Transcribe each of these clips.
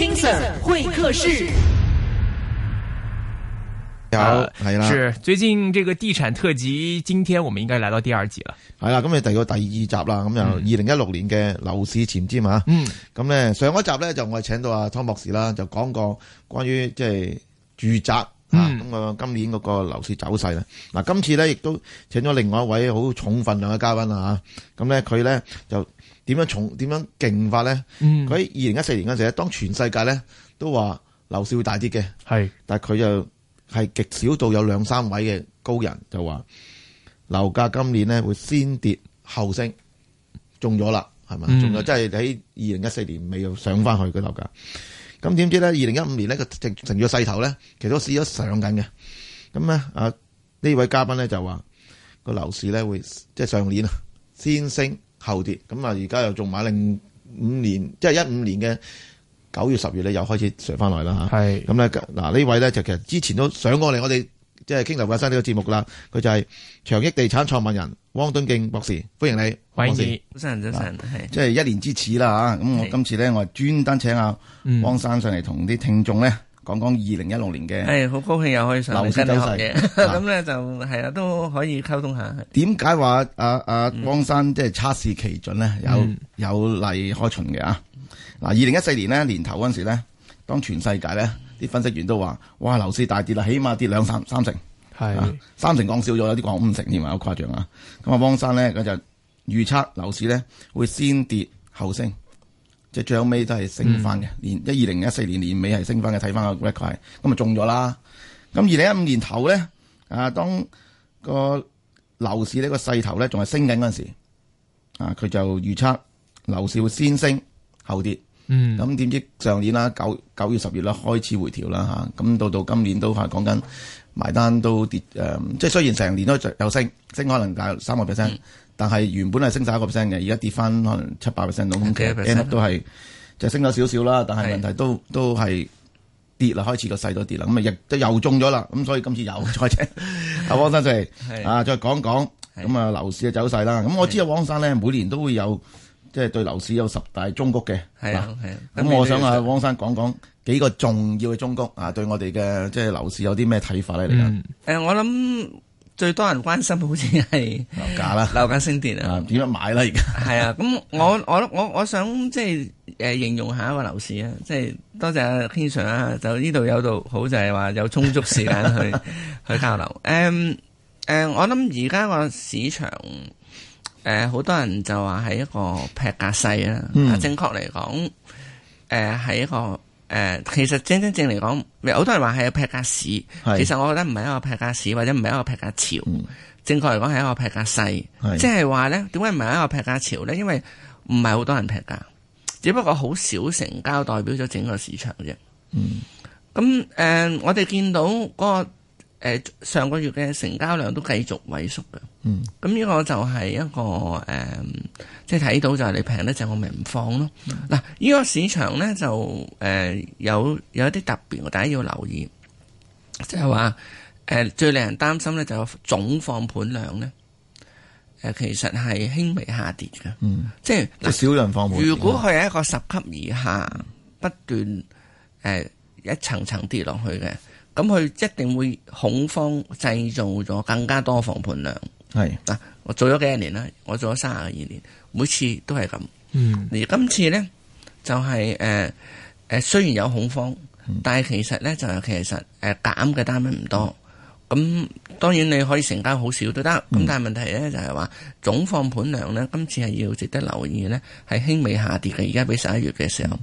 King Sir 會客室，好係啦，最近這個地產特輯，今天我們應該來到第二集啦，係啦、嗯，咁你第個第二集啦，咁由二零一六年嘅樓市前瞻啊，咁咧、嗯、上一集咧就我請到阿湯博士啦，就講過關於即係住宅、嗯、啊，咁個今年嗰個樓市走勢啦，嗱、啊，今次咧亦都請咗另外一位好重分量嘅嘉賓啦，吓、啊，咁咧佢咧就。點樣重？點樣勁法咧？佢喺二零一四年嗰陣咧，當全世界咧都話樓市會大跌嘅，係是，但係佢又係極少到有兩三位嘅高人是就話樓價今年咧會先跌後升，中咗啦，係咪？嗯、中咗，即係喺二零一四年尾又上翻去嘅樓價，咁點、嗯、知咧？二零一五年咧佢成成個勢頭咧，其實都試咗上緊嘅，咁咧啊呢位嘉賓咧就話個樓市咧會即係上年啊先升。後跌咁啊！而家又仲買零五年，即係一五年嘅九月、十月咧，又開始上翻來啦吓，係咁咧嗱，呢位咧就其實之前都上過嚟我哋即係傾劉亞山呢個節目啦。佢就係祥益地產創辦人汪敦敬博士，歡迎你，汪博士。早晨，早晨，係即係一年之始啦嚇。咁是我今次咧，我係專登請阿汪生上嚟同啲聽眾咧、嗯。嗯講講二零一六年嘅係，好高興又可以上樓市走勢，咁咧就係啊，都可以溝通下。點解話阿阿汪生即係測試奇準咧？有、嗯、有例可循嘅啊！嗱、啊，二零一四年呢，年頭嗰時咧，當全世界咧啲分析員都話，哇，樓市大跌啦，起碼跌兩三三成，係是、啊、三成降少咗，有啲降五成添啊，好誇張啊！咁啊，汪生咧佢就預測樓市咧會先跌後升。即係最後尾都係升翻嘅，嗯、年一二零一四年年尾係升翻嘅，睇翻個 record 咁啊中咗啦。咁二零一五年頭咧，啊當個樓市呢個勢頭咧仲係升緊嗰陣時，啊佢就預測樓市會先升後跌。嗯。咁點知上年啦，九九月十月啦開始回調啦嚇，咁、啊、到到今年都係講緊埋單都跌，誒、嗯，即係雖然成年都仲有升，升可能大三個 percent。嗯但係原本係升晒一個 percent 嘅，而家跌翻可能七八 percent 咁嘅，少都係就是、升咗少少啦。但係問題都是的 都係跌啦，開始個細咗跌啦。咁啊亦都又中咗啦。咁所以今次又再跌。阿是的 汪生嚟是的 啊，再講講咁啊，樓是的 市嘅走細啦。咁、嗯、我知啊，汪生咧每年都會有即係、就是、對樓市有十大中谷嘅。係咁、啊、我想阿、啊、汪生講講幾個重要嘅中谷啊，對我哋嘅即係樓市有啲咩睇法咧？嚟緊。誒，我諗。最多人關心好似係樓價啦，樓價升跌 啊，點樣買啦？而家係啊，咁我我我我想即係誒形容下一個樓市啊，即係多謝阿 King Sir 啊，就呢度有度好就係話有充足時間去 去交流。誒、um, 誒、呃，我諗而家個市場誒好、呃、多人就話係一個劈價勢啊、嗯、正確嚟講誒係一個。誒、呃，其實真真正嚟講，好多人話係一個劈價市，是其實我覺得唔係一個劈價市，或者唔係一個劈價潮，嗯、正確嚟講係一個劈價勢。即係話咧，點解唔係一個劈價潮咧？因為唔係好多人劈價，只不過好少成交，代表咗整個市場啫。咁誒、嗯呃，我哋見到嗰、那個。誒、呃，上個月嘅成交量都繼續萎縮嘅。嗯，咁呢個就係一個誒，即係睇到就係你平得就我咪唔放咯。嗱、嗯，呢個市場咧就誒、呃、有有一啲特別，大家要留意，即係話誒最令人擔心咧就係總放盤量咧，誒、呃、其實係輕微下跌嘅。嗯，即係、嗯呃、少量放盤。如果佢係一個十級以下不斷誒、呃、一層層跌落去嘅。咁佢一定會恐慌，製造咗更加多放盤量。係嗱是、啊，我做咗幾十年啦，我做咗三十二年，每次都係咁。嗯，而今次咧就係誒誒，雖然有恐慌，但係其實咧就係其實誒減嘅單位唔多。咁、嗯、當然你可以成交好少都得。咁、嗯、但係問題咧就係、是、話總放盤量咧，今次係要值得留意咧，係輕微下跌嘅。而家比十一月嘅時候，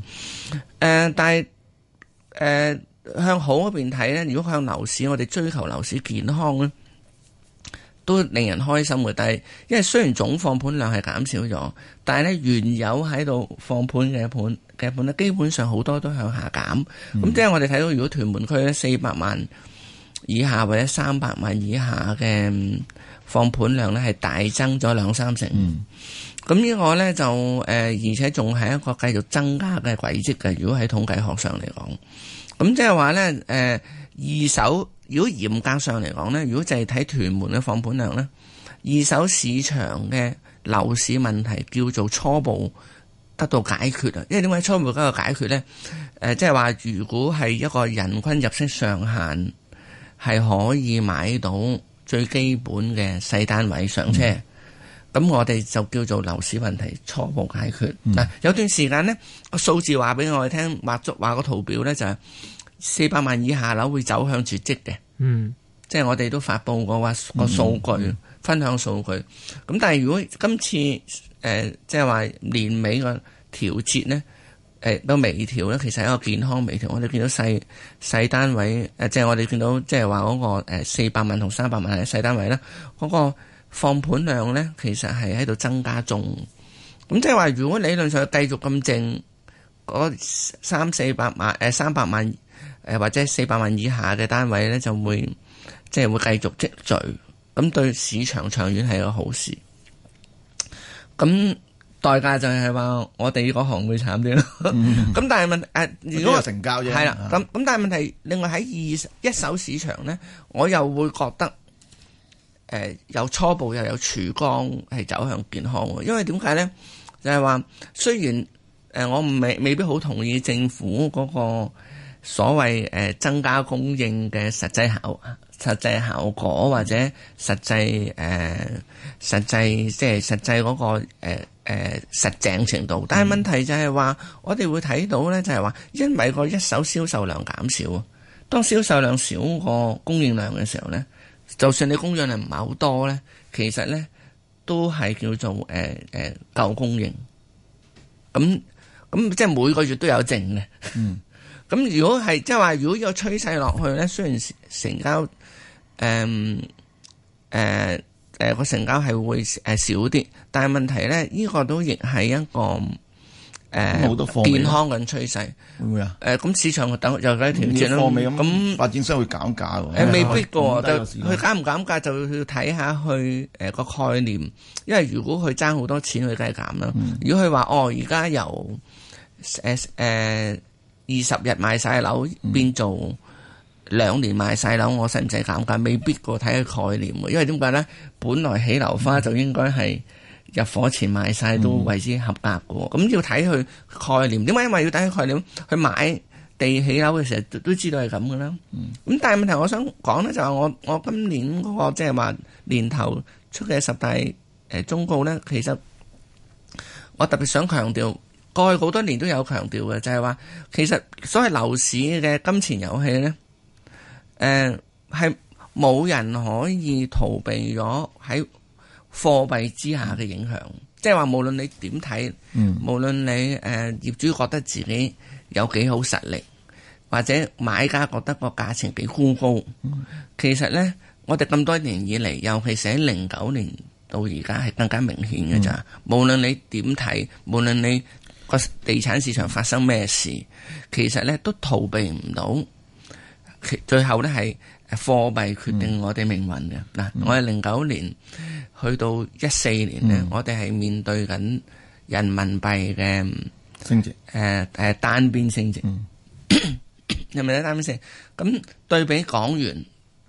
誒、呃，但係誒。呃呃呃呃向好嗰邊睇呢，如果向樓市，我哋追求樓市健康咧，都令人開心嘅。但係，因為雖然總放盤量係減少咗，但係呢，原有喺度放盤嘅盤嘅盤咧，基本上好多都向下減。咁即係我哋睇到，如果屯門區呢，四百萬以下或者三百萬以下嘅放盤量呢，係大增咗兩三成。咁呢、嗯、個呢，就誒、呃，而且仲係一個繼續增加嘅軌跡嘅。如果喺統計學上嚟講。咁即係話呢，誒，二手如果嚴格上嚟講呢，如果淨係睇屯門嘅放盤量呢，二手市場嘅樓市問題叫做初步得到解決啦。因為點解初步得到解決呢？即係話如果係一個人均入息上限，係可以買到最基本嘅細單位上車。嗯咁我哋就叫做樓市問題初步解決。嗱、嗯，有段時間呢，個數字話俾我哋聽，畫足畫個圖表呢，就係四百萬以下樓會走向絕跡嘅。嗯，即係我哋都發布過話個數據，嗯嗯、分享數據。咁但係如果今次誒，即係話年尾個調節呢，誒、呃、都微調呢，其實係一個健康微調。我哋見到細細單位，誒即係我哋見到即係話嗰個四百萬同三百萬係細單位啦，嗰、嗰個放盤量呢，其實係喺度增加中，咁即係話，如果理論上繼續咁靜，三四百萬誒、呃、三百萬誒、呃、或者四百萬以下嘅單位呢，就會即係會繼續積聚，咁對市場長遠係個好事。咁代價就係話我哋嗰行會慘啲咯。咁、嗯、 但係問誒，如果成交嘢，係啦。咁咁但係問題，呃、問題另外喺二一手市場呢，我又會覺得。誒有初步又有曙光，係走向健康，因為點解咧？就係、是、話雖然誒我未未必好同意政府嗰個所謂誒增加供應嘅實際效實際效果或者實際誒、呃、實際即係實際嗰、嗰個誒誒、呃、實際程度，但係問題就係話、嗯、我哋會睇到咧，就係話因為個一手銷售量減少，當銷售量少過供應量嘅時候咧。就算你供應量唔係好多咧，其實咧都係叫做誒誒、呃呃、夠供應。咁咁即係每個月都有剩嘅。咁如果係即係話，如果有、嗰個、趨勢落去咧，雖然成交誒誒誒個成交係會誒、呃、少啲，但係問題咧，呢、呢個都亦係一個。誒，健康咁趨勢會唔會啊？誒，咁市場等又梗喺調整咯。咁發展商會減價喎。誒，未必噶，就佢減唔減價就要睇下佢，誒個概念。因為如果佢爭好多錢，佢梗係減啦。如果佢話哦，而家由誒誒二十日賣晒樓變做兩年賣晒樓，我使唔使減價？未必過睇佢概念啊。因為點解咧？本來起樓花就應該係入伙前賣晒都為之合格嘅喎，咁、嗯、要睇佢概念，點解？因為要睇佢概念去買地起樓嘅時候，都知道係咁嘅啦。咁、嗯、但係問題，我想講咧，就係、是、我我今年嗰、那個即係話年頭出嘅十大誒忠、呃、告咧，其實我特別想強調，過去好多年都有強調嘅，就係、是、話其實所謂樓市嘅金錢遊戲咧，誒係冇人可以逃避咗喺。貨幣之下嘅影響，即係話無論你點睇，嗯、無論你誒、呃、業主覺得自己有幾好實力，或者買家覺得個價錢幾高，嗯、其實呢，我哋咁多年以嚟，尤其是喺零九年到而家係更加明顯嘅咋。無論你點睇，無論你個地產市場發生咩事，其實呢都逃避唔到，最後呢係。誒，貨幣決定我哋命運嘅。嗱，我哋零九年去到一四年咧，我哋係面對緊人民幣嘅升值，誒誒單邊升值，有冇啲單邊升？咁對比港元，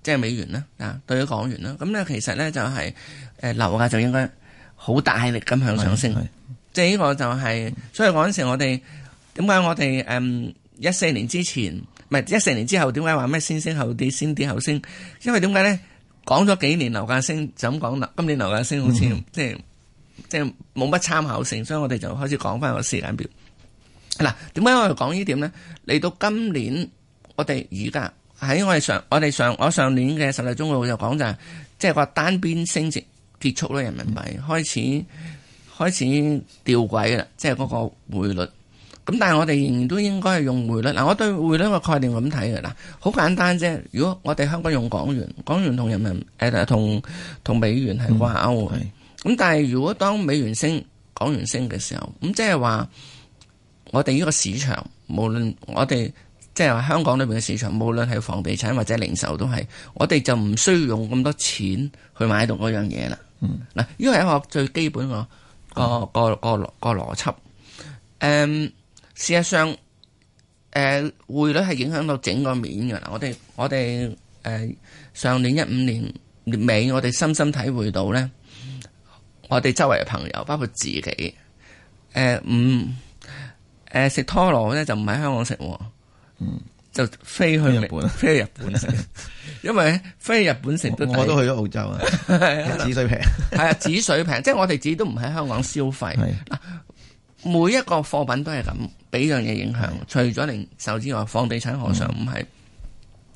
即係美元啦，啊對比港元啦，咁咧其實咧就係誒樓價就應該好大力咁向上升，即係呢個就係，所以嗰陣時我哋點解我哋誒一四年之前？唔係一四年之後，點解話咩先升後跌，先跌後升？因為點解咧？講咗幾年樓價升，就咁講啦。今年樓價升好似、mm hmm. 即係即係冇乜參考性，所以我哋就開始講翻個時間表。嗱、mm，hmm. 點解我哋講呢點咧？嚟到今年，我哋而家喺我哋上，我哋上，我上年嘅十月中號就講就係，即係個單邊升值結束咯，人民幣開始、mm hmm. 開始掉軌啦，即係嗰個匯率。咁，但係我哋仍然都應該係用匯率嗱。我對匯率個概念咁睇嘅喇，好簡單啫。如果我哋香港用港元，港元同人民誒同同美元係掛鈎嘅。咁、嗯、但係如果當美元升，港元升嘅時候，咁即係話我哋呢個市場，無論我哋即係話香港裏邊嘅市場，無論係房地產或者零售都係，我哋就唔需要用咁多錢去買到嗰樣嘢啦。嗱、嗯，呢個係一個最基本、嗯、個個個個個邏輯，um, 事實上，誒、呃、匯率係影響到整個面噶啦。我哋我哋誒上年一五年尾，我哋深深體會到咧，我哋周圍嘅朋友，包括自己，誒唔誒食拖羅咧就唔喺香港食，嗯就飛去日本，飛去日本食。因為咧飛去日本食 orum 我都去咗澳洲 對 啊，紙水平係啊紙水平，即係我哋自己都唔喺香港消費。 每一個貨品都係咁俾樣嘢影響，除咗零售之外，房地產何嘗唔係？咁、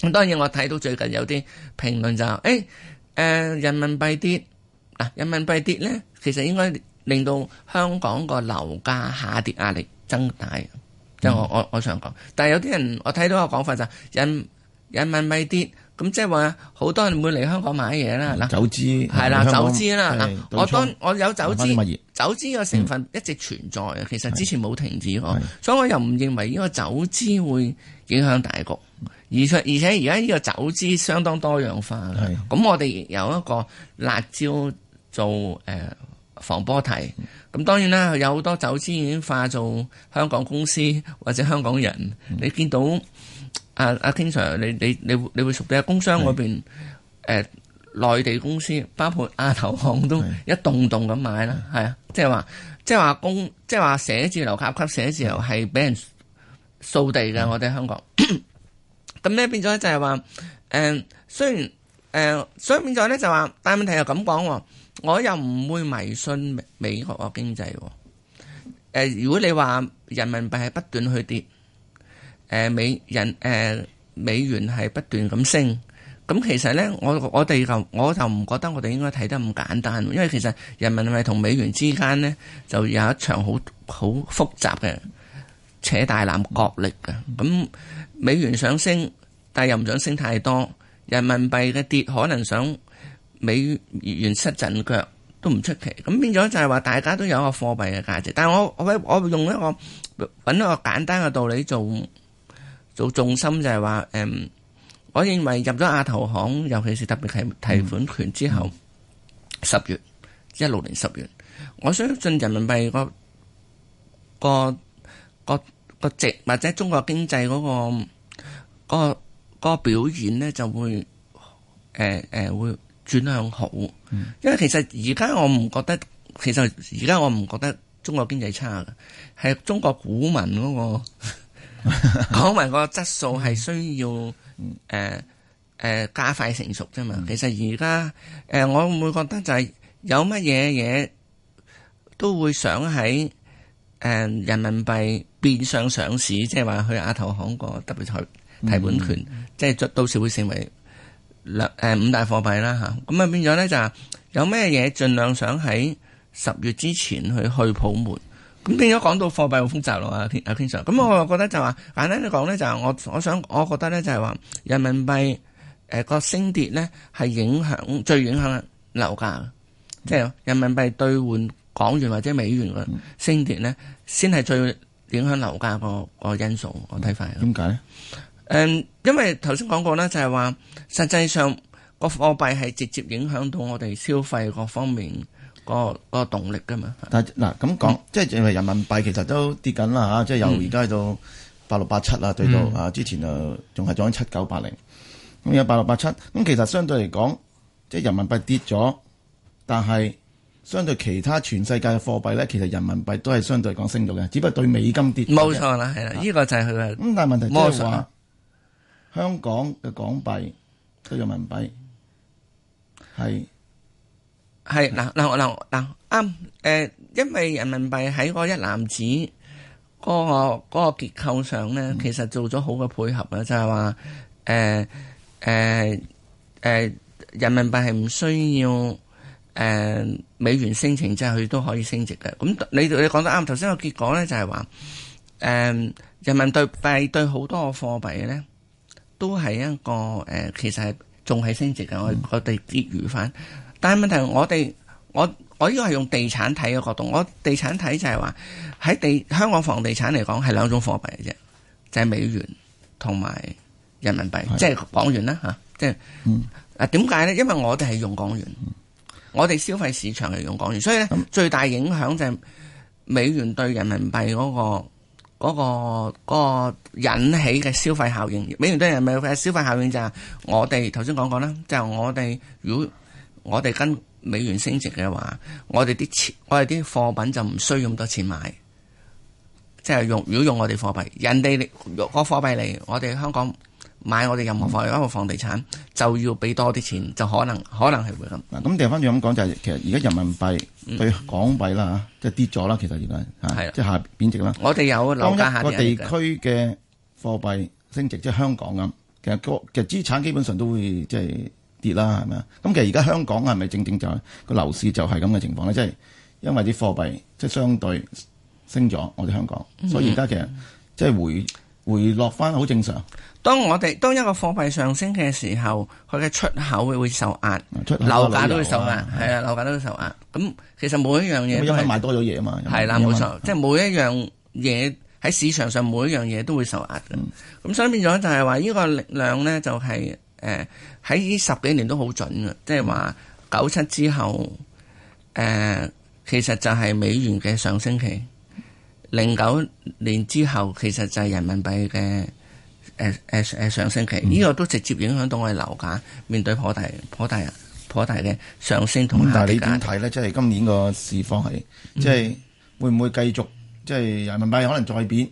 嗯、當然我睇到最近有啲評論就話，誒、欸，誒、呃，人民幣跌，嗱、啊，人民幣跌咧，其實應該令到香港個樓價下跌壓力增大，即、就、係、是、我我我想講。嗯、但係有啲人我睇到個講法就是，人人民幣跌。咁即係話，好多人會嚟香港買嘢啦。嗱，游資係啦，游資啦。嗱，我當我有游資，游資嘅成分一直存在嘅，其實之前冇停止過，所以我又唔認為呢個游資會影響大局。而且而且而家呢個游資相當多樣化嘅，咁我哋有一個辣招做誒防波堤。咁當然啦，有好多游資已經化做香港公司或者香港人，你見到。阿 King、啊、Sir，你你你會你會熟啲啊？工商嗰邊誒，內是、呃、地公司包括亞投行都一棟棟咁買啦，係啊是，即係話即係話公即係話寫字樓甲級寫字樓係俾人掃地嘅，是我哋香港。咁咧 變咗就係話，誒、呃、雖然誒、呃，所以變咗咧就話，但係問題又咁講，我又唔會迷信美國個經濟。誒、呃，如果你話人民幣係不斷去跌。誒、呃、美人誒、呃、美元係不斷咁升，咁其實咧，我我哋就我就唔覺得我哋應該睇得咁簡單，因為其實人民幣同美元之間咧，就有一場好好複雜嘅扯大纜角力嘅。咁美元想升，但又唔想升太多，人民幣嘅跌可能想美元失陣腳都唔出奇。咁變咗就係話大家都有一個貨幣嘅價值，但係我我我用一個揾一個簡單嘅道理做。重心就係話，誒、嗯，我認為入咗亞投行，尤其是特別提提款權之後，十、嗯、月一六年十月，我相信人民幣個個個值或者中國經濟嗰、那個嗰表現咧就會誒誒、呃呃、會轉向好，嗯、因為其實而家我唔覺得，其實而家我唔覺得中國經濟差嘅，係中國股民嗰、那個。 講埋個質素係需要，誒、呃、誒、呃、加快成熟啫嘛。其實而家，誒、呃、我會覺得就係有乜嘢嘢都會想喺誒、呃、人民幣變相上市，即係話去亞投行個特別提款權，即係 到時會成為兩誒五大貨幣啦吓。咁啊變咗咧就，有咩嘢盡量想喺十月之前去去鋪滿。咁變咗講到貨幣好複雜咯啊，King Sir，咁我又覺得就話、嗯、簡單嚟講咧，就係我我想我覺得咧就係話人民幣誒個升跌咧係影響最影響樓價，即係、嗯、人民幣兌換港元或者美元嘅升跌咧，先係最影響樓價個個因素。我睇法係點解咧？誒、嗯，因為頭先講過咧，就係話實際上個貨幣係直接影響到我哋消費各方面。那個、那個動力噶嘛？但嗱咁講，啊嗯、即係認為人民幣其實都跌緊啦吓，即係、嗯、由而家到八六八七啦，嗯、對到啊之前啊仲係講緊七九八零，咁有八六八七。咁其實相對嚟講，即係人民幣跌咗，但係相對其他全世界嘅貨幣咧，其實人民幣都係相對嚟講升到嘅，只不過對美金跌咗。冇錯啦，係啦，呢、啊、個就係佢嘅。咁但係問題即係話香港嘅港幣對人民幣係。係嗱嗱嗱嗱啱誒，因為人民幣喺嗰一籃子嗰個嗰個結構上咧，其實做咗好嘅配合啊，就係話誒誒誒，人民幣係唔需要誒、呃、美元升情，即係佢都可以升值嘅。咁你你講得啱，頭先個結果咧就係話，誒、呃，人民幣幣對幣對好多個貨幣咧，都係一個誒，其實係仲係升值嘅。我我哋結餘翻。但係問題我，我哋我我依個係用地產睇嘅角度，我地產睇就係話喺地香港房地產嚟講係兩種貨幣嘅啫，就係、是、美元同埋人民幣，即係是的 港元啦吓？即係、嗯、啊點解咧？因為我哋係用港元，嗯、我哋消費市場係用港元，所以咧最大影響就係美元對人民幣嗰、嗰個嗰、嗰個嗰個、引起嘅消費效應。美元對人民幣嘅消費效應就係我哋頭先講過啦，就係、我哋如果我哋跟美元升值嘅話，我哋啲錢，我哋啲貨品就唔需要咁多錢買。即係用，如果用我哋貨幣，人哋個貨幣嚟，我哋香港買我哋任何房、嗯、任何房，任何房地產就要俾多啲錢，就可能可能係會咁。嗱、嗯，咁掉翻轉咁講就係，嗯、其實而家人民幣對港幣啦嚇，嗯嗯、即係跌咗啦，其實而家嚇，即係下貶值啦。我哋有樓價下跌。個地區嘅貨幣升值，的即係香港咁，其實個其實資產基本上都會即係。即跌啦，係咪啊？咁其實而家香港係咪正正就係個樓市就係咁嘅情況咧？即係因為啲貨幣即係相對升咗，我哋香港，所以而家其實即係回回落翻好正常。當我哋當一個貨幣上升嘅時候，佢嘅出口會受壓，出口、樓價都會受壓，係啊，樓、啊、價都會受壓。咁其實每一樣嘢，因為，因為買多咗嘢啊嘛，係啦，冇錯，即係每一樣嘢喺市場上每一樣嘢都會受壓。咁、嗯、所以變咗就係話呢個力量咧，就係、是。誒喺、呃、呢十幾年都好準嘅，即係話九七之後，誒、呃、其實就係美元嘅上升期；零九年之後，其實就係人民幣嘅誒誒誒上升期。呢、嗯、個都直接影響到我哋樓價面對頗大頗大頗大嘅上升同下跌、嗯、但係你點睇咧？即、就、係、是、今年個市況係即係會唔會繼續即係、就是、人民幣可能再貶，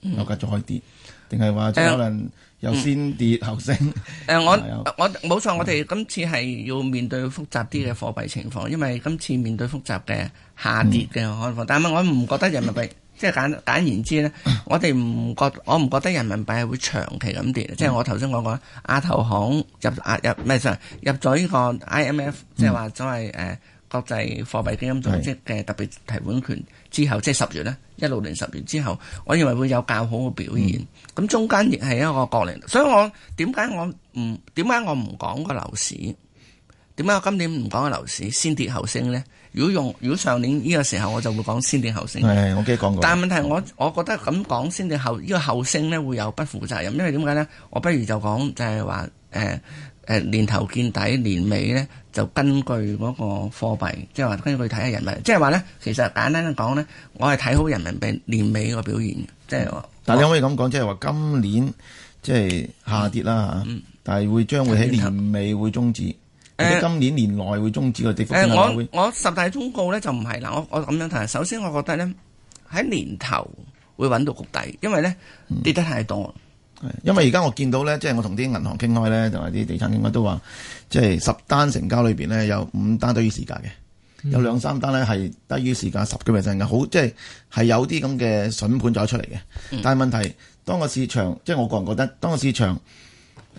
樓價再跌，定係話可能、嗯？嗯、又先跌後升。誒、呃，我我冇有錯，嗯、我哋今次係要面對複雜啲嘅貨幣情況，因為今次面對複雜嘅下跌嘅情況。嗯、但係我唔覺得人民幣，即係、嗯、簡簡，簡言之咧、嗯，我哋唔覺，我唔覺得人民幣係會長期咁跌。即係、嗯、我頭先講過亞投行入亞入，唔係，入咗呢個 IMF，即係話所謂誒。呃嗯國際貨幣基金組織嘅特別提款權之後，是即係十月咧，一六年十月之後，我認為會有較好嘅表現。咁、嗯、中間亦係一個國連，所以我點解我唔點解我唔講個樓市？點解我今年唔講個樓市先跌後升呢？如果用如果上年呢個時候，我就會講先跌後升。我記得講過。但問題我我覺得咁講先跌後呢個後升呢，會有不負責任。因為點解呢？我不如就講就係話誒。呃誒年頭見底，年尾咧就根據嗰個貨幣，即係話根據睇下人民，即係話咧，其實簡單嚟講咧，我係睇好人民幣年尾個表現嘅。即係，但係你可以咁講我，即係話今年即係下跌啦嚇，但係、嗯嗯、會將會喺年尾會終止。呃、今年年內會終止個跌幅我我十大忠告咧就唔係嗱，我我咁樣睇，首先我覺得咧喺年頭會揾到谷底，因為咧、嗯、跌得太多。係，因為而家我見到咧，即係我同啲銀行傾開咧，同埋啲地產傾開都話，即係十單成交裏邊咧有五單低於市價嘅，嗯、有兩三單咧係低於市價十幾 percent 嘅，好即係係有啲咁嘅笋盤咗出嚟嘅。嗯、但係問題，當個市場即係我個人覺得，當個市場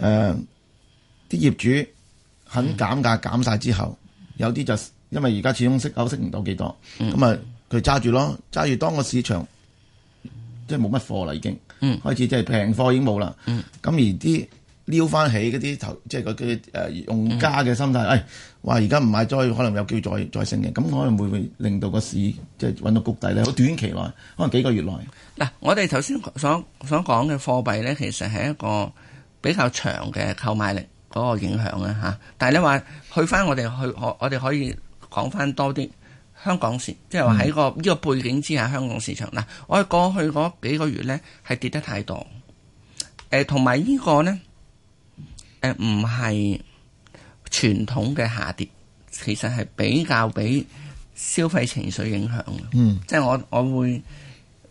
誒啲、呃、業主肯減價減晒之後，有啲就因為而家始終息口息唔到幾多，咁啊佢揸住咯，揸住當個市場即係冇乜貨啦已經。嗯、開始即係平貨已經冇啦，咁、嗯、而啲撩翻起嗰啲投，即係啲誒用家嘅心態，誒話而家唔買再可能有機會再再升嘅，咁可能會,會令到個市即係揾到谷底咧。好短期內，可能幾個月內。嗱、嗯，我哋頭先所所講嘅貨幣咧，其實係一個比較長嘅購買力嗰個影響啦嚇。但係你話去翻我哋去我我哋可以講翻多啲。香港市即係話喺個呢個背景之下，嗯、香港市場，嗱我哋過去嗰幾個月咧，係跌得太多，誒同埋呢個咧誒唔係傳統嘅下跌，其實係比較俾消費情緒影響，嗯，即係我我會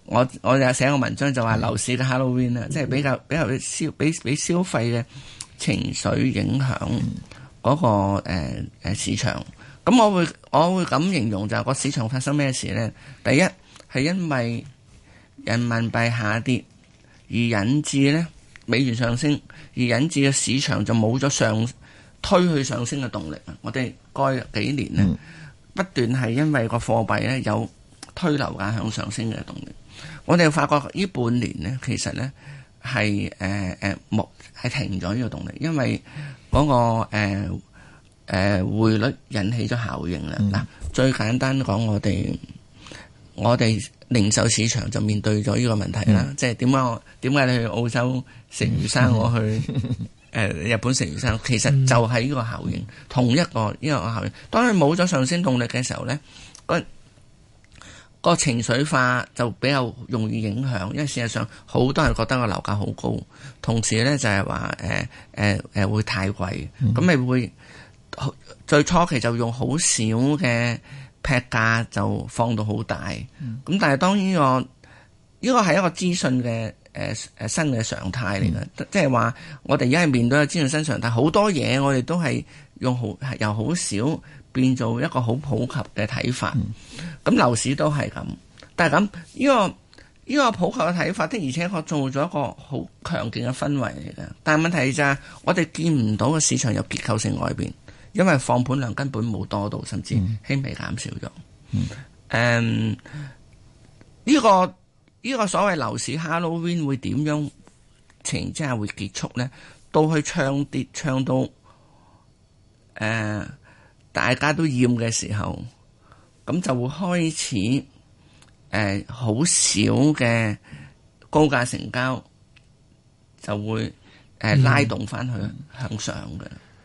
我我有寫個文章就話樓市嘅 Halloween 啊、嗯，即係比較比較消俾俾消費嘅情緒影響嗰、個、誒誒、呃、市場。咁我會我會咁形容就個市場發生咩事呢？第一係因為人民幣下跌而引致咧美元上升，而引致嘅市場就冇咗上推去上升嘅動力。我哋過去幾年咧、嗯、不斷係因為個貨幣咧有推流價向上升嘅動力，我哋發覺呢半年咧其實咧係誒誒冇係停咗呢個動力，因為嗰、那個、呃誒，匯、呃、率引起咗效應啦。嗱、嗯，最簡單講，我哋我哋零售市場就面對咗呢個問題啦。嗯、即係點解我點解你去澳洲食魚生，嗯、我去誒、呃、日本食魚生？其實就係呢個效應，嗯、同一個呢、呢個效應。當佢冇咗上升動力嘅時候呢，呢個情緒化就比較容易影響。因為事實上，好多人覺得個樓價好高，同時呢就係話誒誒誒會太貴，咁咪會。最初期就用好少嘅劈價就放到好大，咁、嗯、但係當然我呢個係、這個、一個資訊嘅誒誒新嘅常態嚟嘅，即係話我哋而家係面對一個資訊新常態，好多嘢我哋都係用好由好少變做一個好普及嘅睇法。咁樓、嗯、市都係咁，但係咁呢個呢、這個普及嘅睇法的，而且確做咗一個好強勁嘅氛圍嚟嘅。但係問題就係我哋見唔到個市場有結構性外變。因為放盤量根本冇多到，甚至輕微減少咗。誒、嗯，呢、嗯這個呢、這個所謂樓市 Halloween 會點樣情形之下會結束呢？到去唱跌唱到誒、呃、大家都厭嘅時候，咁就會開始誒好少嘅高價成交就會誒、呃、拉動翻佢、嗯、向上嘅。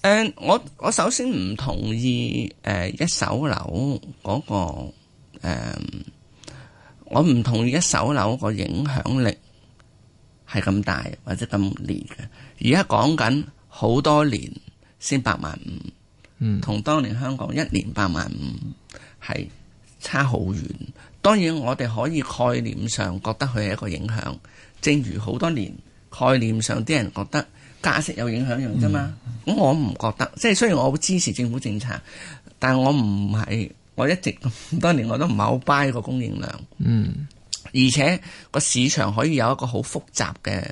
誒，uh, 我我首先唔同意誒、呃、一手樓嗰、那個誒、呃，我唔同意一手樓個影響力係咁大或者咁烈嘅。而家講緊好多年先八萬五、嗯，同當年香港一年八萬五係差好遠。當然我哋可以概念上覺得佢係一個影響，正如好多年概念上啲人覺得。加息有影響用啫嘛，咁、嗯、我唔覺得，即係雖然我會支持政府政策，但係我唔係，我一直 當年我都唔係好 buy 個供應量，嗯，而且個市場可以有一個好複雜嘅，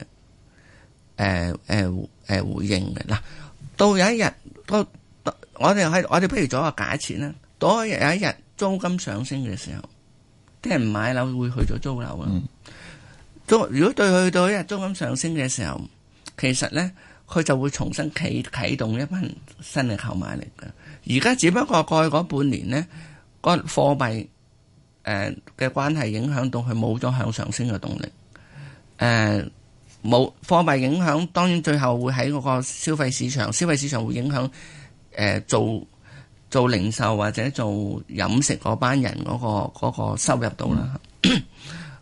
誒誒誒回應嘅，嗱，到有一日，我哋喺我哋，不如做一個假設啦，到有一日租金上升嘅時候，啲人買樓會去咗租樓啊，租、嗯、如果對佢到一日租金上升嘅時候。其實呢，佢就會重新啟啟動一班新嘅購買力嘅。而家只不過過去嗰半年呢，個貨幣誒嘅關係影響到佢冇咗向上升嘅動力。誒、呃、冇貨幣影響，當然最後會喺嗰個消費市場，消費市場會影響誒、呃、做做零售或者做飲食嗰班人嗰、嗰個嗰個收入度啦。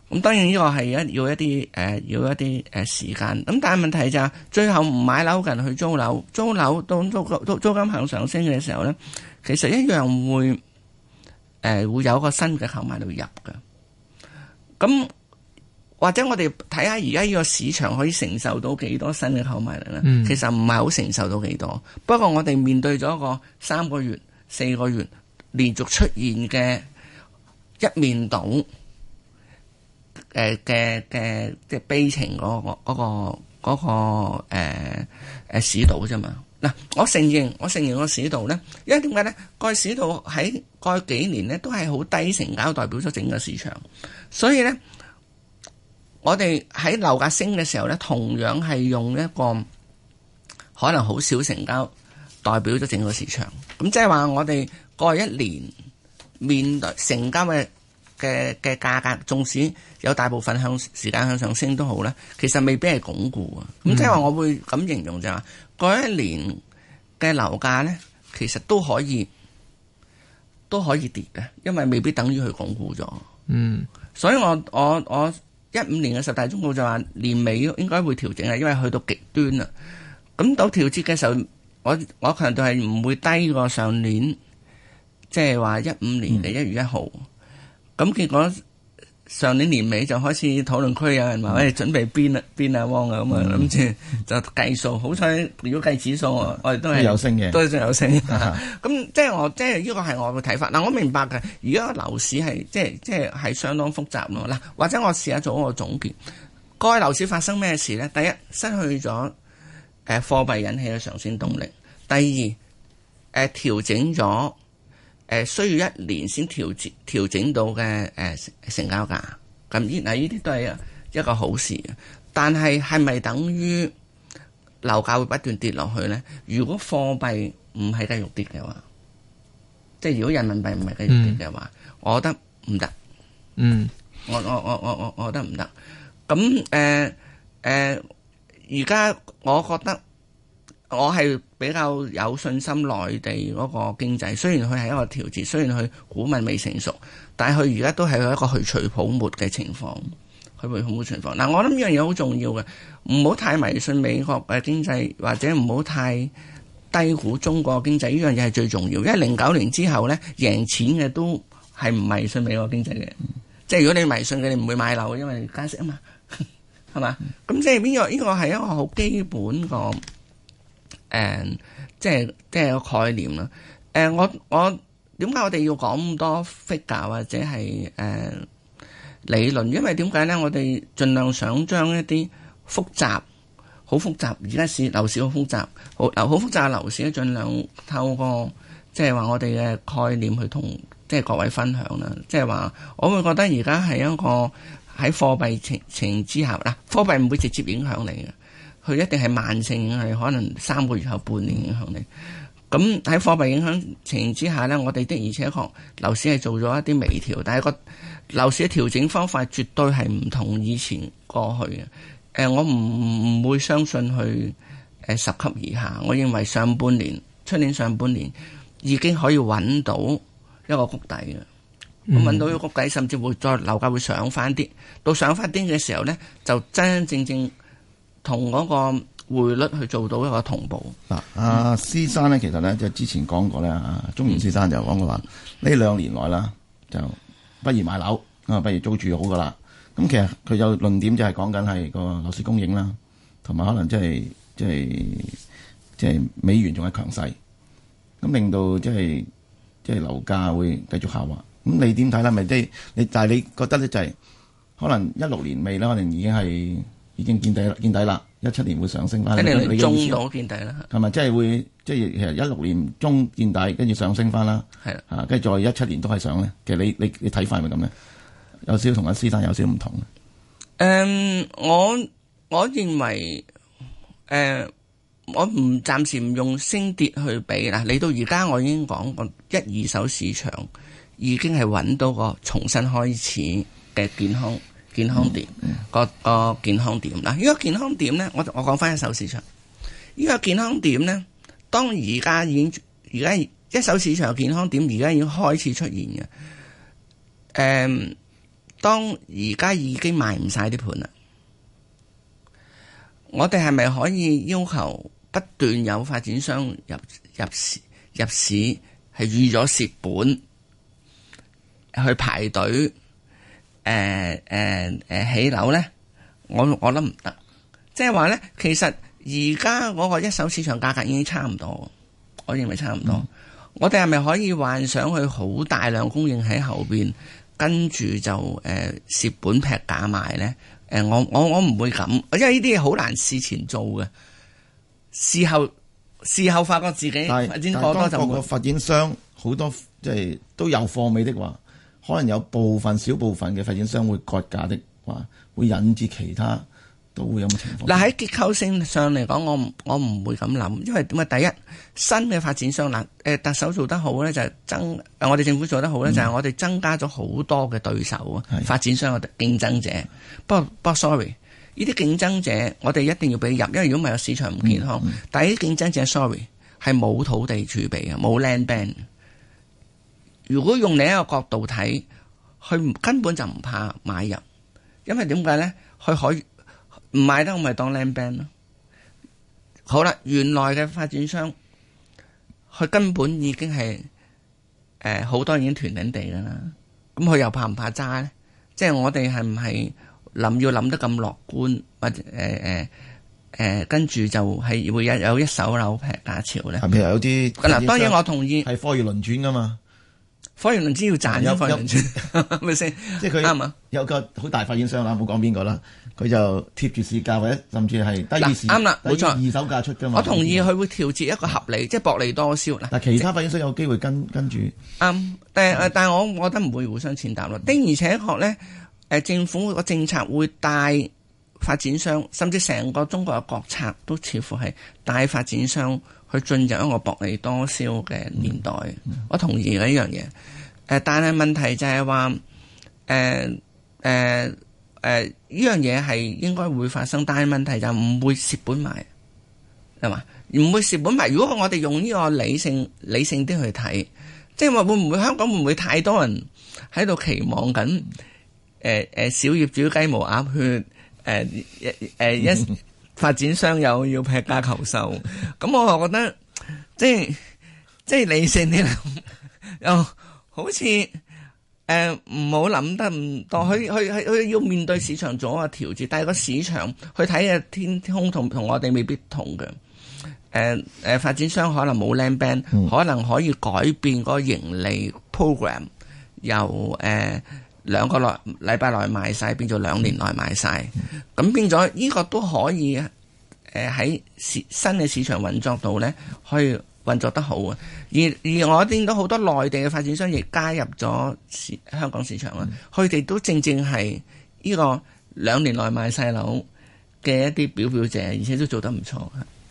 咁當然呢個係一要一啲誒、呃、要一啲誒時間，咁但係問題就係、是、最後唔買樓嘅人去租樓，租樓當租租租金向上升嘅時候咧，其實一樣會誒、呃、會有個新嘅購買力入嘅。咁或者我哋睇下而家呢個市場可以承受到幾多新嘅購買力咧？嗯、其實唔係好承受到幾多。不過我哋面對咗一個三個月、四個月連續出現嘅一面倒。誒嘅嘅即係悲情嗰個嗰個嗰個誒誒市道啫嘛。嗱，我承認我承認個市道咧，因為點解咧？個市道喺過去幾年咧都係好低成交，代表咗整個市場。所以咧，我哋喺樓價升嘅時候咧，同樣係用一個可能好少成交，代表咗整個市場。咁即係話我哋過去一年面對成交嘅嘅嘅價格，縱使有大部分向時間向上升都好啦，其實未必係鞏固啊。咁、嗯、即係話，我會咁形容就話、是，嗰一年嘅樓價呢，其實都可以都可以跌嘅，因為未必等於佢鞏固咗。嗯，所以我我我一五年嘅十大忠告就話，年尾應該會調整啊，因為去到極端啦。咁到調節嘅時候，我我強調係唔會低過上年，即係話一五年嘅一月一號、嗯。嗯咁結果上年年尾就開始討論區有人話喂，準備邊啊，邊啊汪啊，咁啊諗住就計數，好彩如果計指數我哋都係有升嘅，都真係有升。咁、啊、即係我即係呢個係我嘅睇法。嗱、啊，我明白嘅。如果個樓市係即係即係係相當複雜咯。嗱、啊，或者我試下做一個總結。該樓市發生咩事咧？第一，失去咗誒、呃、貨幣引起嘅上升動力。第二，誒、呃、調整咗。誒需要一年先調節調整到嘅誒、呃、成交價，咁呢嗱依啲都係一個好事，但係係咪等於樓價會不斷跌落去呢？如果貨幣唔係繼續跌嘅話，即係如果人民幣唔係繼續跌嘅話，我覺得唔得。嗯，我我我我我我覺得唔得。咁誒誒，而家我覺得我係比較有信心內地嗰個經濟，雖然佢係一個調節，雖然佢股民未成熟，但係佢而家都係一個去除泡沫嘅情況，去除泡沫嘅情況。嗱，我諗呢樣嘢好重要嘅，唔好太迷信美國嘅經濟，或者唔好太低估中國經濟。呢樣嘢係最重要，因為零九年之後呢，贏錢嘅都係唔迷信美國經濟嘅， 即係如果你迷信佢，你唔會買樓，因為加息啊嘛，係 嘛？ 咁即係邊個？呢個係一個好基本個。誒、嗯，即係即係個概念啦。誒、嗯，我我點解我哋要講咁多 figure 或者係誒、嗯、理論？因為點解咧？我哋盡量想將一啲複雜、好複雜而家市樓市好複雜、好樓好複雜，複雜嘅樓市，盡量透過即係話我哋嘅概念去同即係各位分享啦。即係話，我會覺得而家係一個喺貨幣情情之下嗱、啊，貨幣唔會直接影響你嘅。佢一定係慢性影，係可能三個月後半年影響你。咁喺貨幣影響情形之下呢，我哋的而且確樓市係做咗一啲微調，但係個樓市嘅調整方法絕對係唔同以前過去嘅。誒、呃，我唔唔會相信去誒、呃、十級以下。我認為上半年、出年上半年已經可以揾到一個谷底嘅。嗯、我揾到一個谷底，甚至會再樓價會上返啲。到上返啲嘅時候呢，就真真正正，正。同嗰個匯率去做到一個同步。嗱、啊，阿施生咧，其實咧就之前講過咧，啊，中原施生就講過話，呢、嗯、兩年來啦，就不如買樓啊，不如租住好噶啦。咁、嗯、其實佢有論點就係講緊係個樓市供應啦，同埋可能即係即係即係美元仲係強勢，咁令到即係即係樓價會繼續下滑。咁、嗯、你點睇咧？咪即係你？但係你覺得咧就係、是、可能一六年尾咧，可能已經係。已經見底啦，見底啦！一七年會上升翻。咁你係中到見底啦，係咪即係會即係其實一六年中見底，跟住上升翻啦。係啦的，啊，跟住再一七年都係上咧。其實你你你睇法係咪咁咧？有少少同阿師丹有少少唔同。誒、嗯，我我認為誒、呃，我唔暫時唔用升跌去比啦。你到而家我已經講過，一二手市場已經係揾到個重新開始嘅健康。健康點、嗯、個健康點嗱，呢個健康點呢，我我講翻一手市場。呢個健康點呢，當而家已經而家一手市場嘅健康點，而家已，已經開始出現嘅。誒、嗯，當而家已經賣唔晒啲盤啦，我哋係咪可以要求不斷有發展商入入市入市，係預咗蝕本去排隊？誒誒誒，起樓咧，我我諗唔得，即係話咧，其實而家嗰個一手市場價格已經差唔多，我認為差唔多。嗯、我哋係咪可以幻想佢好大量供應喺後邊，跟住就誒蝕、呃、本劈價賣咧？誒，我我我唔會咁，因為呢啲嘢好難事前做嘅，事後事後發覺自己發展多就發展商好多，即係都有貨尾的話。可能有部分小部分嘅發展商會割價的話，話會引致其他都會有乜情況？嗱喺結構性上嚟講，我唔我唔會咁諗，因為點啊？第一，新嘅發展商嗱，誒特首做得好咧，就係增；誒我哋政府做得好咧，就係我哋增加咗好多嘅對手啊，嗯、發展商嘅競爭者。是的 不過不過，sorry 呢啲競爭者我哋一定要俾入，因為如果唔係，個市場唔健康。嗯嗯，但呢啲競爭者，sorry，係冇土地儲備嘅，冇 land bank。如果用另一個角度睇，佢根本就唔怕買入，因為點解咧？佢可以唔買得我咪當 land bank 咯。好啦，原來嘅發展商，佢根本已經係誒好多已經囤緊地啦。咁佢又怕唔怕揸咧？即係我哋係唔係諗要諗得咁樂觀，或者誒誒誒，跟住就係會有有一手樓劈價潮咧？係咪有啲？嗱，當然我同意係貨如輪轉噶嘛。花園輪知要賺咗園輪咪先，即係佢啱啊？有個好大發展商啦，冇講邊個啦，佢就貼住市價或者甚至係低於市，啱，冇錯，低於二手價出噶嘛。我同意佢會調節一個合理，即係薄利多銷。但其他發展商有機會跟跟住。啱，但係但係我我覺得唔會互相踐踏咯。的而且確咧，誒政府個政策會帶發展商，甚至成個中國嘅國策都似乎係帶發展商。去進入一個薄利多銷嘅年代，嗯嗯、我同意呢一樣嘢。誒、呃，但係問題就係話，誒誒誒，呢樣嘢係應該會發生，但係問題就唔會蝕本賣，係嘛？唔會蝕本賣。如果我哋用呢個理性理性啲去睇，即係話會唔會香港會唔會太多人喺度期望緊？誒、呃、誒，小、呃、業主雞毛鴨血誒誒一。呃呃呃 發展商又要劈價求售，咁 我又覺得即係即係理性啲， 又好似誒唔好諗得唔多，佢佢佢佢要面對市場做一個調節，但係個市場去睇嘅天空同同我哋未必同嘅，誒、呃、誒發展商可能冇 land band， 可能可以改變嗰個盈利 program，由誒。呃兩個內禮拜內賣晒，變咗兩年內賣晒。咁、嗯、變咗呢個都可以誒喺市新嘅市場運作到呢可以運作得好啊！而而我見到好多內地嘅發展商亦加入咗市香港市場啊，佢哋、嗯、都正正係呢個兩年內賣曬樓嘅一啲表表者，而且都做得唔錯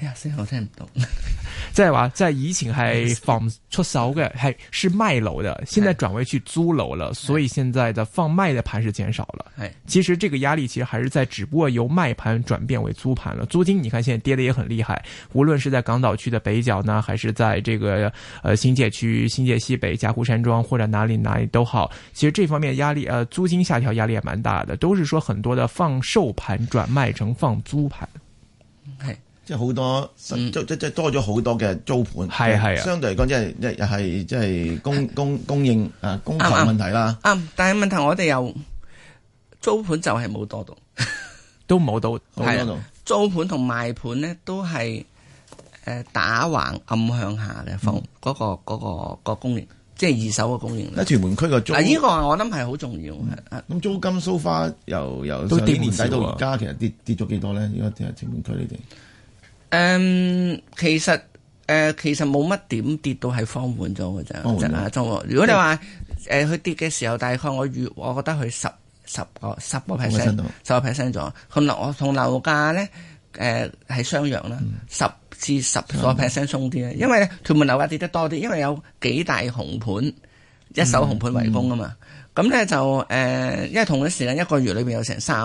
哎呀，聲我聽唔懂。再 話，在疫情係放出手嘅，係是賣樓的，現在轉為去租樓了，所以現在的放賣的盤是減少了。哎，其實這個壓力其實還是在，只不過由賣盤轉變為租盤了。租金，你看現在跌得也很厲害，無論是在港島區的北角呢，還是在這個呃，新界區、新界西北、嘉湖山莊或者哪裏哪裏都好，其實這方面壓力，呃，租金下調壓力也蠻大的，都是說很多的放售盤轉賣成放租盤。即係好多，即即即多咗好多嘅租盤，係係的，相對嚟講，即係亦係即係供供的供應啊供求問題啦、嗯嗯。但係問題我哋又租盤就係冇多到， 都冇到，到、啊。租盤同賣盤咧都係誒、呃、打橫暗向下嘅，嗯、放嗰、那個嗰、那個那個、供應，即、就、係、是、二手嘅供應。屯門區嘅租，嗱依個我諗係好重要咁租金蘇、so、far 由由，由上年底到而家，其實跌跌咗幾多咧？依家屯屯門區呢啲。嗯，其實誒、呃、其實冇乜點跌到係放緩咗嘅咋。真、oh、yeah. 如果你話誒佢跌嘅時候，大概我月我覺得佢十十個十個 percent 十個 percent 左右，同樓我同樓價咧誒係相揚啦，十至十個 percent 鬆啲啊，因為屯門樓價跌得多啲，因為有幾大紅盤，一手紅盤圍攻啊嘛，咁咧、mm hmm. 就誒、呃，因為同一時間一個月裏邊有成三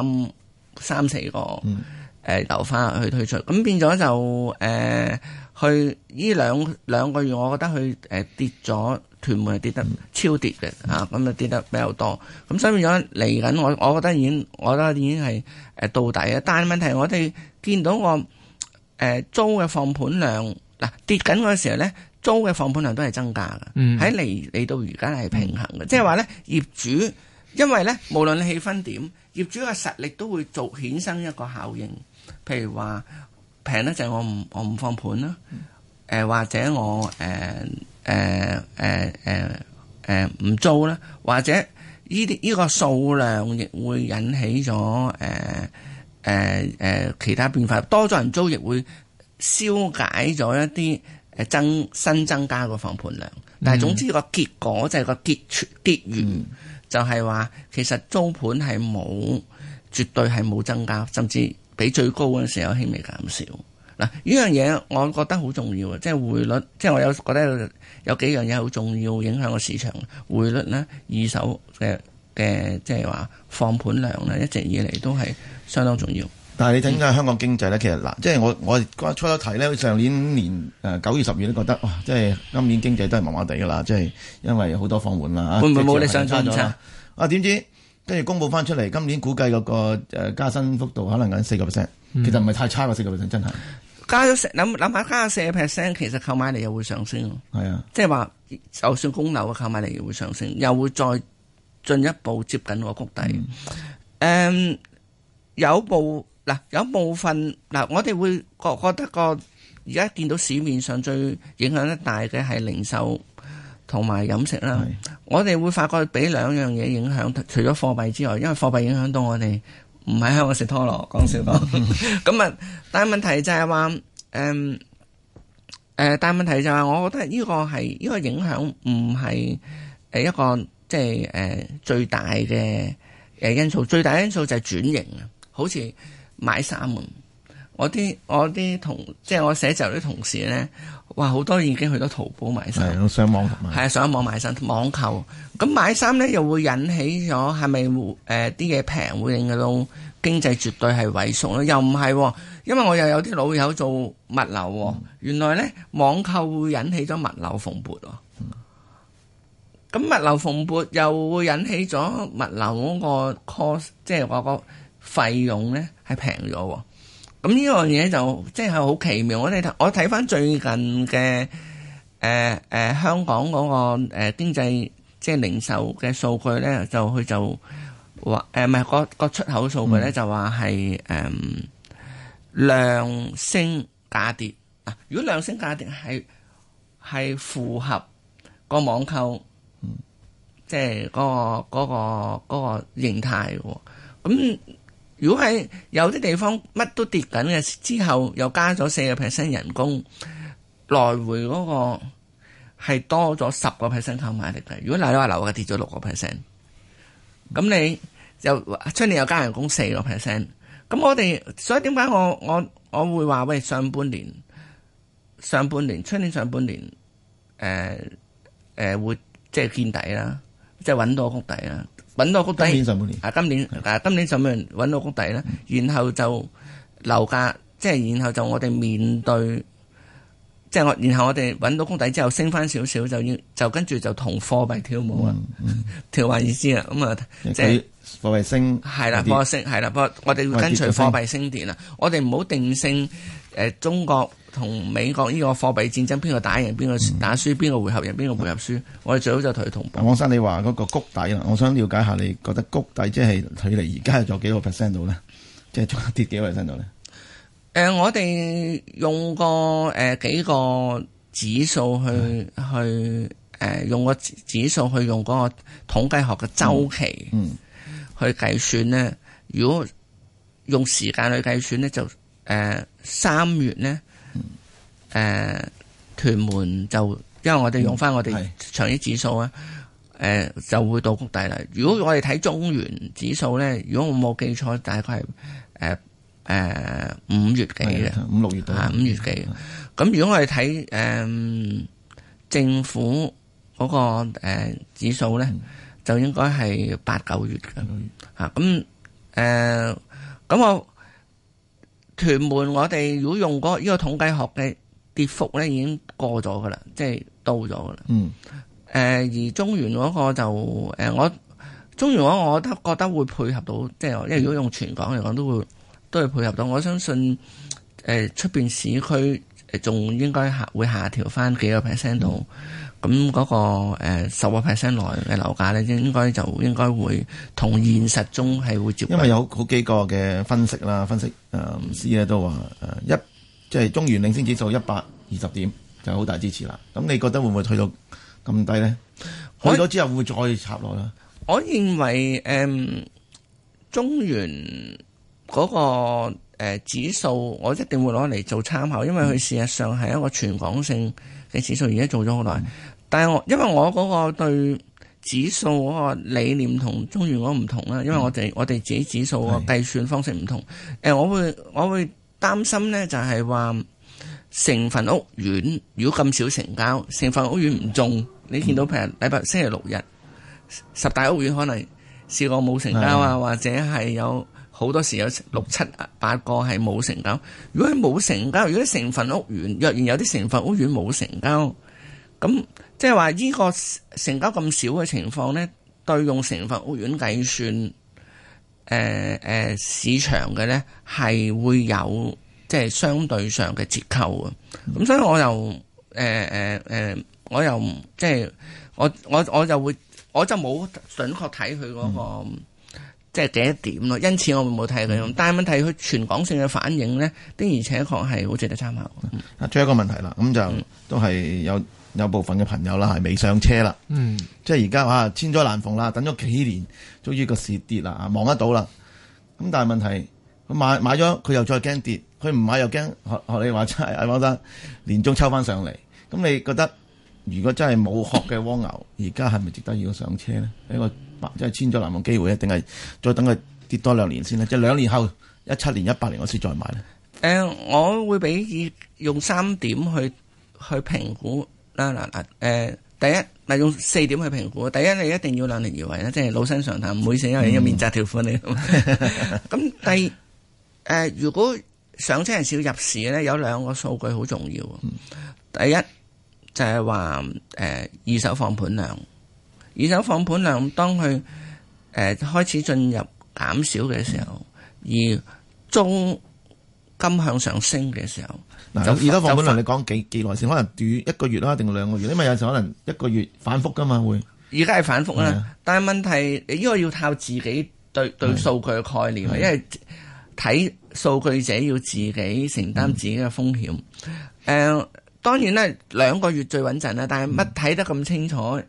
三四個。Mm hmm. 誒留翻去推出，咁變咗就誒、呃、去呢兩兩個月，我覺得佢誒跌咗，屯門係跌得超跌嘅啊，咁啊跌得比較多，咁所以變咗嚟緊，我我覺得已經，我覺得已經係誒到底啊，但係問題我哋見到我誒、呃、租嘅放盤量，嗱、啊、跌緊嗰時候咧，租嘅放盤量都係增加嘅，喺嚟嚟到而家係平衡嘅，即係話咧業主，因為咧無論氣氛點，業主嘅實力都會做衍生一個效應。譬如話平咧就我唔我唔放盤啦，誒、呃、或者我誒誒誒誒誒唔租啦，或者呢啲呢個數量亦會引起咗誒誒誒其他變化，多咗人租亦會消解咗一啲誒增新增加嘅放盤量，但係總之個結果就係個結結餘就係話其實租盤係冇絕對係冇增加，甚至。比最高嗰陣時有輕微減少。嗱、啊，呢樣嘢我覺得好重要啊，即係匯率，即係我有覺得有幾樣嘢好重要影響個市場。匯率呢，二手嘅嘅即係話放盤量呢，一直以嚟都係相當重要。但係你睇翻、嗯、香港經濟咧，其實嗱，即係我我初一提咧，上年年誒九月十月都覺得哇，即係今年經濟都係麻麻地㗎啦，即係因為好多放緩啦。會唔會冇你想象？差啊，點知？跟住公佈翻出嚟，今年估計嗰個加薪幅度可能緊四個 percent，其實唔係太差喎，嗯、四個 percent 真係加咗，諗諗下加四個 percent，其實購買力又會上升喎。係啊的，即係話，就算供樓嘅購買力又會上升，又會再進一步接近個谷底。誒、嗯 um，有部嗱，有部分嗱，我哋會覺覺得個而家見到市面上最影響得大嘅係零售。同埋飲食啦，是我哋會發覺俾兩樣嘢影響，除咗貨幣之外，因為貨幣影響到我哋，唔喺香港食拖羅，講笑講。咁啊， 但問題就係話，誒、嗯、誒、呃，但問題就係，我覺得呢個係呢、這個影響唔係誒一個即係誒、呃、最大嘅誒因素，最大因素就係轉型啊，好似買衫啊，我啲我啲同即係我寫就啲同事咧。哇！好多已經去咗淘寶買衫，係啊，上網買，係啊，上網買衫，網購咁買衫呢又會引起咗係咪誒啲嘢平？會令到嗰種經濟絕對係萎縮咯，又唔係、喎，因為我又有啲老友做物流、喎，嗯、原來呢，網購會引起咗物流蓬勃、喎，咁、嗯、物流蓬勃又會引起咗物流嗰個 cost，即係嗰個費用呢，係平咗。咁呢個嘢就即係好奇妙。我哋我睇翻最近嘅誒誒香港嗰、那個誒、呃、經濟即係零售嘅數據咧，就佢就話誒唔係個出口數據咧，就話係誒量升價跌啊！如果量升價跌係係符合個網購，嗯、即係嗰、那個嗰形態喎，咁。如果喺有啲地方乜都跌緊嘅，之後又加咗四個 percent 人工，來回嗰個係多咗十個 percent 購買力嘅。如果例如話樓價跌咗六個 percent，咁你又出年又加人工四個 percent，咁我哋所以點解我我我會話喂，上半年上半年出年上半年誒誒、呃呃、會即係、即係、見底啦，即係揾到個谷底啦。揾到谷底，今年上半年。啊，今年啊，今年就咁樣揾到谷底咧，然後就樓價，即係然後就我哋面對，即係我，然後我哋揾到谷底之後升翻少少，就要就跟住就同貨幣跳舞啊，調話意思啊，咁啊，即係貨幣升，係啦，貨幣升，係啦，不過我哋要跟隨貨幣升跌啊，我哋唔好定性誒中國，同美國呢個貨幣戰爭，邊個打贏？邊個打輸？邊個回合贏？嗯、邊個回合輸？我哋最好就同汪生你話嗰個谷底啦。我想了解下，你覺得谷底即係距離而家在做幾個 percent 度咧？即係仲跌幾 percent 度咧？誒，我哋用個誒幾個指數去去誒用個指數去用嗰個統計學嘅周期去計算咧。如果用時間去計算咧，就誒三月咧。誒、呃，屯門就，因為我哋用翻我哋長期指數咧，誒、嗯呃、就會到谷底啦。如果我哋睇中原指數咧，如果我冇記錯，大概係誒誒五月幾嘅，五六月到、啊、五月幾。咁是如果我哋睇誒政府嗰、那個誒、呃、指數咧，就應該係八九月嘅，吓咁誒，咁、嗯嗯嗯呃、我屯門我哋如果用嗰呢個統計學嘅。跌幅咧已經過咗㗎啦，即係到咗㗎啦。嗯。誒、呃，而中原嗰個就誒、呃，我中原我我都覺得會配合到，即係因為如果用全港嚟講，都會都係配合到。我相信誒出邊市區誒仲應該下會下調返幾個 percent 度，咁嗰、，嗯那個十個 percent 內嘅樓價咧，應該就應該會同現實中係會接。因為有好幾個嘅分析啦，分析誒唔知咧都話誒、呃、一。即係中原領先指數一百二十點，就好大支持啦。咁你覺得會唔會退到咁低呢？去咗之後會再插落啦。我認為誒、嗯、中原嗰、嗰個、呃、指數，我一定會攞嚟做參考，因為佢事實上係一個全港性嘅指數，而家做咗好耐。嗯、但係我因為我嗰個對指數嗰個理念同中原嗰個唔同啦，因為我哋、嗯、我哋自己指數個計算方式唔同。誒是的、呃，我會我會。擔心呢就係話成份屋苑，如果咁少成交，成份屋苑唔中，你見到譬如禮拜星期六日，十大屋苑可能試過冇成交啊，的或者係有好多時有六七八個係冇成交。如果佢冇成交，如果成份屋苑若然有啲成份屋苑冇成交，咁即係話呢個成交咁少嘅情況呢，對用成份屋苑計算。誒誒、呃呃、市場嘅咧係會有即係相對上嘅折扣啊，咁、嗯、所以我又誒誒誒，我又即係我我我就會我就冇準確睇佢嗰個、嗯、即係第一點咯，因此我冇睇佢。嗯、但係問題佢全港性嘅反應咧，的而且確係好值得參考。嗯、啊，最後一個問題啦，咁就、嗯、都係有。有部分嘅朋友啦，係未上車啦，嗯，即係而家話，千載難逢啦，等咗幾年，終於個市跌啦，望得到啦。咁但係問題，佢買買咗，佢又再驚跌，佢唔買又驚學學你話齋，我覺得年中抽翻上嚟。咁你覺得如果真係冇殼嘅蝸牛，而家係咪值得要上車呢？呢個即係千載難逢機會一定係再等佢跌多兩年先咧？即係兩年後一七年、一八年我先再買咧？誒、嗯，我會俾用三點去去評估。嗱嗱，誒第一，咪用四點去評估。第一，你一定要量力而為啦，即係老生常談，唔會死，因為有免責條款嚟咁 第二、呃，如果上車人少入市咧，有兩個數據好重要。第一就係話誒，二手放盤量，二手放盤量當佢誒、呃、開始進入減少嘅時候，而租金向上升嘅時候。嗱，而家放本量你講幾幾耐先？可能短一個月啦，定兩個月？因為有時可能一個月反覆噶嘛，會而家係反覆啦。但係問題你呢個要靠自己對對數據概念，的因為睇數據者要自己承擔自己嘅風險。誒的，當然啦，兩個月最穩陣啦，但係乜睇得咁清楚？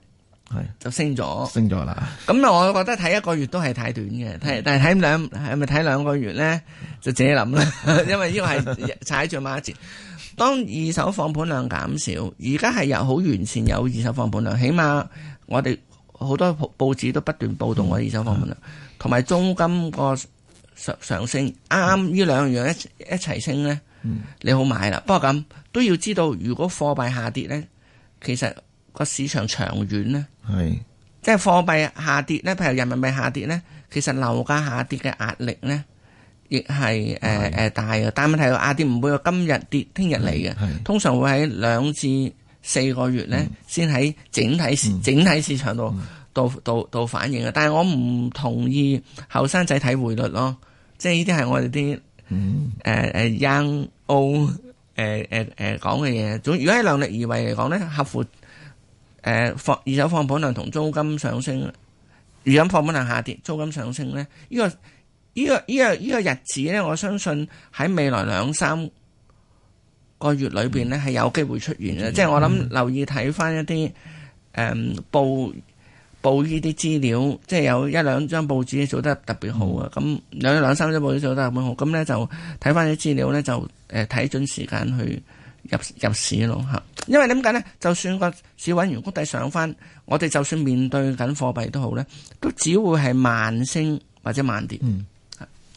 係是就升咗，升咗啦。咁啊，我覺得睇一個月都係太短嘅，睇、嗯、但係睇兩係咪睇兩個月咧？就自己諗啦。 因為呢個係踩住馬前， 當二手放盤量減少，而家係有好完善有二手放盤量，起碼我哋好多報紙都不斷報道我二手放盤量，同埋、嗯、租金個上上升，啱啱呢兩樣一一齊升咧，嗯、你好買啦。不過咁都要知道，如果貨幣下跌咧，其實。個市場長遠咧，係即係貨幣下跌咧，譬如人民幣下跌咧，其實樓價下跌嘅壓力咧，亦係誒誒大嘅。係但係問題，個下跌唔會有今日跌，聽日嚟嘅，通常會喺兩至四個月咧，先喺整體市整體市場度到度度反映嘅。嗯嗯嗯嗯、但係我唔同意後生仔睇匯率咯，即係呢啲係我哋啲誒誒英澳誒誒誒講嘅嘢。總如果喺量力而為嚟講咧，合乎。誒放二手放盤量同租金上升，二手放盤量下跌，租金上升咧，依、這個依、這個依、這個依、這個日子咧，我相信喺未來兩三個月裏邊咧係有機會出現嘅。嗯、即係我諗留意睇翻一啲誒、嗯、報報依啲資料，即係有一兩張報紙做得特別好啊！咁兩兩三張報紙做得特別好，咁咧就睇翻啲資料咧，就誒睇、呃、準時間去。入入市咯吓，因為點解呢？就算個市搵完谷底上翻，我哋就算面對緊貨幣都好呢，都只會係慢升或者慢跌。嗯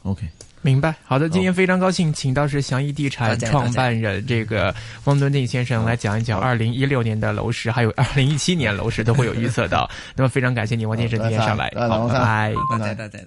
，OK，明白。好的，今天非常高興，好請到是祥益地產創辦人這個汪敦敬先生來講一講二零一六年的樓市，還有二零一七年樓市都會有預測到。嗯、那麼非常感謝你，汪先生今天上來。謝好，拜拜。拜拜。